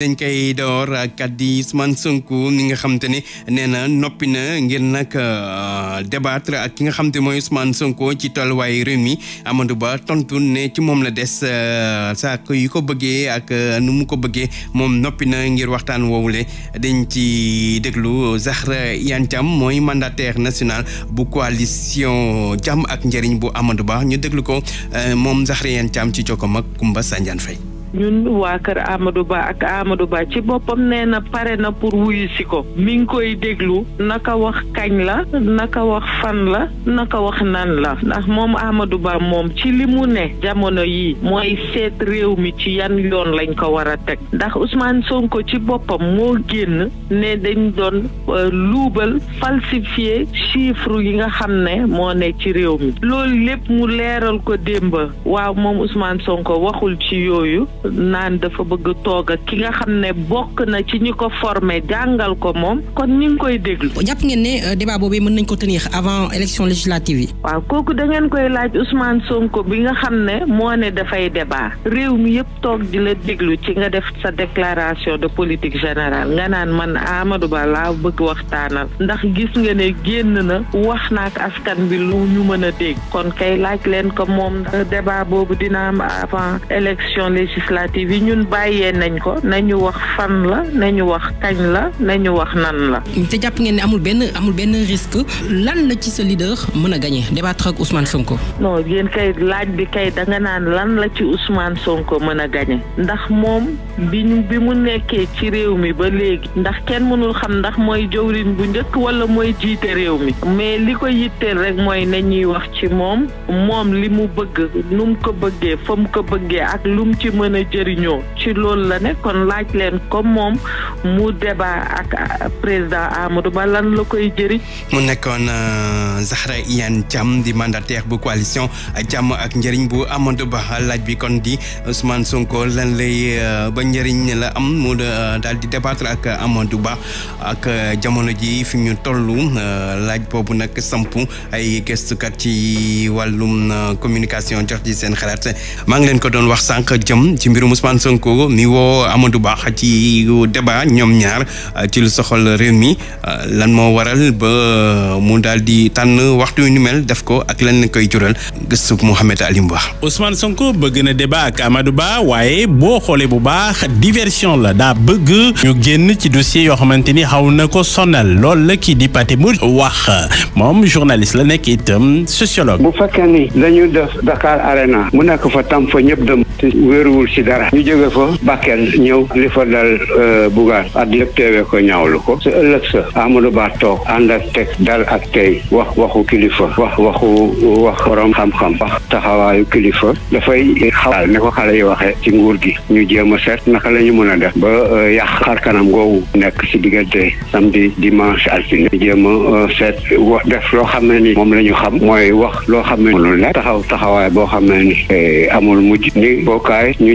dañ koy door kàddu yi Ousmane Sonko nga xam te ne nee na noppi na ngir nag euh, débattre ak ki nga xam mooy Ousmane Sonko ci tolluwaayu réew mi Amadou Ba tontu ne ci moom la des euh, saako yi ko bëggee ak euh, nu mu ko bëggee moom noppi na ngir waxtaan woowule dañ ci déglu Zahra Iyane mooy mandataire national bu coalition jàmm ak njëriñ bu Amadou Ba ñu déglu ko moom Zahra Iyane ci jokkoom ak Kumba Sanjaan Faye ñun waa kër Amadou Ba ak Amadou Ba ci boppam nee na pare na pour wuyu si ko mi ngi koy déglu naka wax kañ la naka wax fan la naka wax nan la ndax moom Amadou Ba moom ci li mu ne jamono yi mooy seet réew mi ci yan yoon lañ ko war a teg ndax Ousmane Sonko ci boppam moo génn ne dañ doon euh, luubal falsifier chiffre yi nga xam ne moo ne ci réew mi loolu lépp mu leeral ko démb waaw moom Ousmane Sonko waxul ci yooyu naan dafa bëgg toog ak ki nga xam ne bokk na ci ñi ko formé jàngal ko moom kon ñu ngi koy déglu. jàpp ngeen ne euh, débat boobu mën nañ ko tenir avant élection législative yi. waaw kooku da ngeen koy laaj Ousmane Sonko bi nga xam ne moo ne dafay débat réew mi yëpp toog di la déglu ci nga def sa déclaration de politique général nga naan man Amadou Ba laa bëgg waxtaanal ndax gis nga ne génn na wax na ak askan bi lu ñu mën a dégg kon kay laaj leen ko moom euh, débat boobu dina am législative yi ñun bàyyee nañ ko nañu wax fan la nañu wax kañ la nañu wax nan la. te jàpp ngeen ne amul benn amul benn risque lan la ci sa leader mën a gagné débattre ak Ousmane Sonko. non yéen kay laaj bi kay da nga naan lan la ci Ousmane Sonko mën a gagné ndax moom bi ñu bi mu nekkee ci réew mi ba léegi ndax kenn mënul xam ndax mooy jëwriñ bu njëkk wala mooy jiite réew mi mais li ko yitteel rek mooy nañuy wax ci moom moom li mu bëgg nu mu ko bëggee fa mu ko bëggee a jëriñoo ci loolu la ne kon laaj leen comme moom mu debaa ak euh, président Amadou Ba lan la koy jëriñ. mu nekkoon euh, Zahra Iyane Thiam di mandataire bu coalition jàmm ak njëriñ bu Amadou Ba laaj bi kon di euh, Ousmane Sonko lan lay ba njëriñ la am mu daal di débattre ak Amadou Ba ak jamono ji fi ñu tollu laaj boobu nag samp ay gëstukat ci wàllum communication jox ci seen xalaat maa ngi leen ko doon wax sànq jëm ci ci mbirum Ousmane Sonko mi woo Amadou Ba ci débat ñoom ñaar euh, ci lu soxal réew mi euh, lan moo waral ba euh, mu daal di tànn waxtu yu ni mel def ko ak lan lañ koy jural gëstu Mouhamed Alim Ba. Ousmane Sonko bëgg na débat ak Amadou Ba waaye boo xoolee bu baax diversion la daa bëgg ñu génn ci dossier yoo xamante ni xaw na ko sonnal lool la kii di Pathé Mbodj wax moom journaliste la nekk itam sociologue. bu fekkee ni dañu def Dakar Arena mu nekk fa tam fa ñëpp dem te wéeruwul ci dara ñu jóge fa Bakel ñëw li fa dal euh, Bougar ak lépp teewee ya ko ñaawlu ko laksa ëllëg sa Amadou Ba toog ànd ak teg dal ak tey wax waxu kilifa wax waxu wax borom xam-xam wax taxawaayu kilifa dafay xawal ne ko xale yi waxee ci nguur gi ñu jéem a seet naka la ñu mën a def ba euh, yàq xar kanam nekk ci diggante samedi dimanche altine jéem a euh, seet def loo xam ne ni moom la ñu xam mooy wax loo xam ne taxaw taxawaay boo xam ne ni amul mujj ni bookaay ñu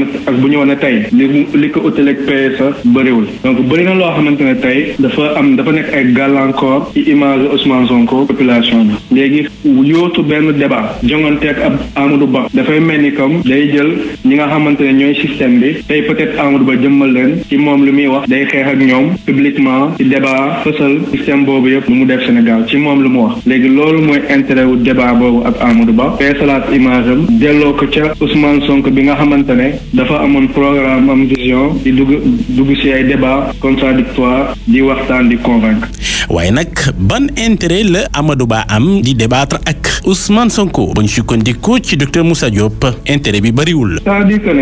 woon ak bu ñu woon a tey li li ko utaleg PSA bëriwul donc bëri na loo xamante ne tey dafa am dafa nekk ay gàllankoor ci image Ousmane Sonko population bi léegi yootu benn débat jonganteeg ab Amadou Ba dafay mel ni comme day jël ñi nga xamante ne ñooy système bi tey peut-être Amadou Ba jëmmal leen ci moom lu muy wax day xeex ak ñoom publiquement i débat fësal système boobu yëpp lu mu def Sénégal ci moom lu mu wax léegi loolu mooy intérêt wu débat boobu ak Amadou Ba feesalaat bi nga xamante ne dafa amone programme am vision di dugg dugg ci ay débat contradictoire di waxtaan di convaincre. waye nak ban intérêt le, Amadou Ba am di débattre ak Ousmane Sonko ba ñu ko ci docteur Moussa Diop intérêt bi bariwul. c'est-à-dire que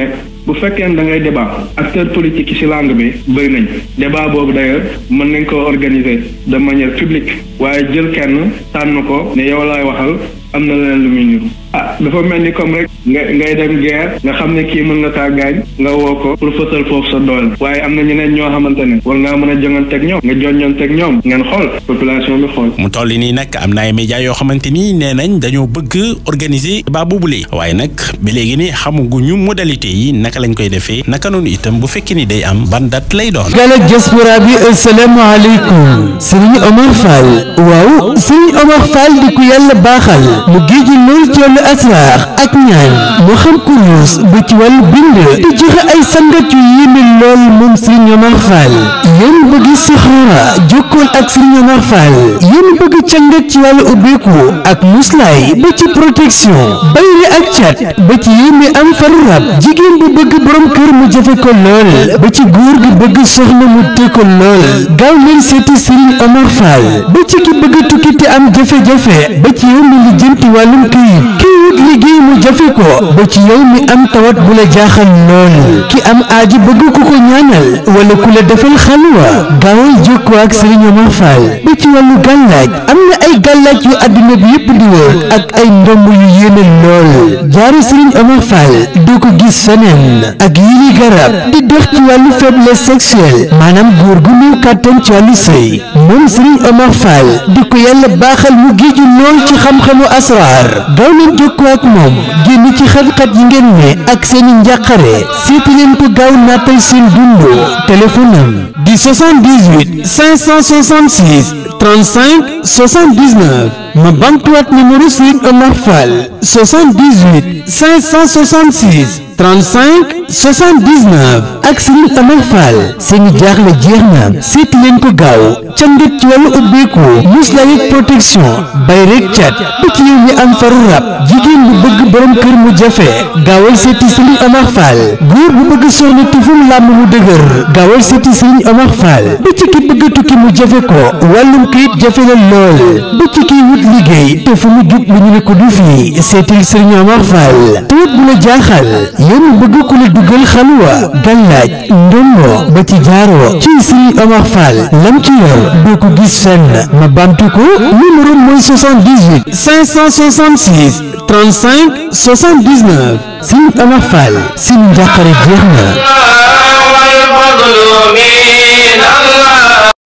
bu fekkee da ngay débat acteur politique ci langue bi bëri nañ débat boobu d'ailleurs mën nañ ko organiser de manière publique waaye jël kenn tànn ko ne yow laay waxal am na leneen lu muy ah dafa mel ni comme rek. nga ngay dem guerre nga xam ne kii mën nga kaa gaañ nga woo ko pour fësal foofu sa doole waaye am na ñeneen ñoo xamante ne war ngaa mën a jonganteeg ñoom nga jonjonteeg ñoom ngeen xool population bi xool. mu na ay médias yoo xamante ni nee nañ dañoo bëgg organiser débat boobule waaye bu fekkee ni day am ban date lay doon. gàllankoor diaspora bi asalaamaaleykum Serigne Omar Fall waaw Serigne Omar Fall di ku yàlla baaxal mu géej lool ci wàllu ak ñaan moo xam kurus ba ci wàllu bind te joxe ay sangat yu yéeme lool moom Serigne Omar Fall yéen bëgg sixaara jokkool ak Serigne Omar Fall yéen bëgg cangat ci wàllu ubbeeku ak muslaay ba ci protection bayri ak cat ba ci yéeme am faru rab jigéen bu bëgg borom kër mu jafe ko lool ba ci góor gi bëgg soxna mu te ko lool gaaw leen seeti Serigne Omar ba ci ki bëgg tukki am jafe-jafe ba ci yéen li jënti wàllum këyit jëfe ko ba ci yow mi am tawat bu la jaaxal lool ki am aaji bëgg ku ko ñaanal wala ku la defal xalwa gaawal jokkoo ak Sëriñ Omar Fall ba ci wàllu gàllaaj am na ay gàllaaj yu àdduna bi yëpp di wër ak ay ndomb yu yéene lool jaaru Sëriñ Omar Fall doo ko gis feneen ak yi garab di dox ci wàllu faiblesse sexuelle maanaam góor gu néew kàttan ci wàllu sëy moom Sëriñ Omar Fall di ko yàlla baaxal mu géeju lool ci xam-xamu asraar gaaw leen jokkoo ak moom génn ci xat yi ngeen ne ak seeni njàqare seeti leen ko gaaw nattal seen dund téléphone am 78 566 35 79 ma bamtuwaat numéro Serigne Omar Fall 78 566 35 79 ak Serigne Omar Fall seeni jaaxle jeex na seeti leen ko gaaw cangat ci wàllu ubbeeku muslaay ak protection bay rek cat ba ci yow mi am faru rab jigéen bu bëgg borom kër mu jafe gaawal seeti Serigne Omar Fall góor bu bëgg soxna tufum làmb mu dëgër gaawal seeti Serigne Omar Omar Fall ba ci ki bëgg a tukki mu jafe ko wàllum kayit jafe la lool ba ci kiy wut liggéey te fu mu jub lu ñu ne ko du fii seetil sëriñ Omar Fall te wut bu la jaaxal yéen bëgg ku la dugal xalwa gàllaaj ndombo ba ci jaaroo ci sëriñ Omar Fall lam ci yor doo ko gis fenn ma bamtu ko numéro mooy 78 566 35 79 sëriñ Omar Fall suñu jeex na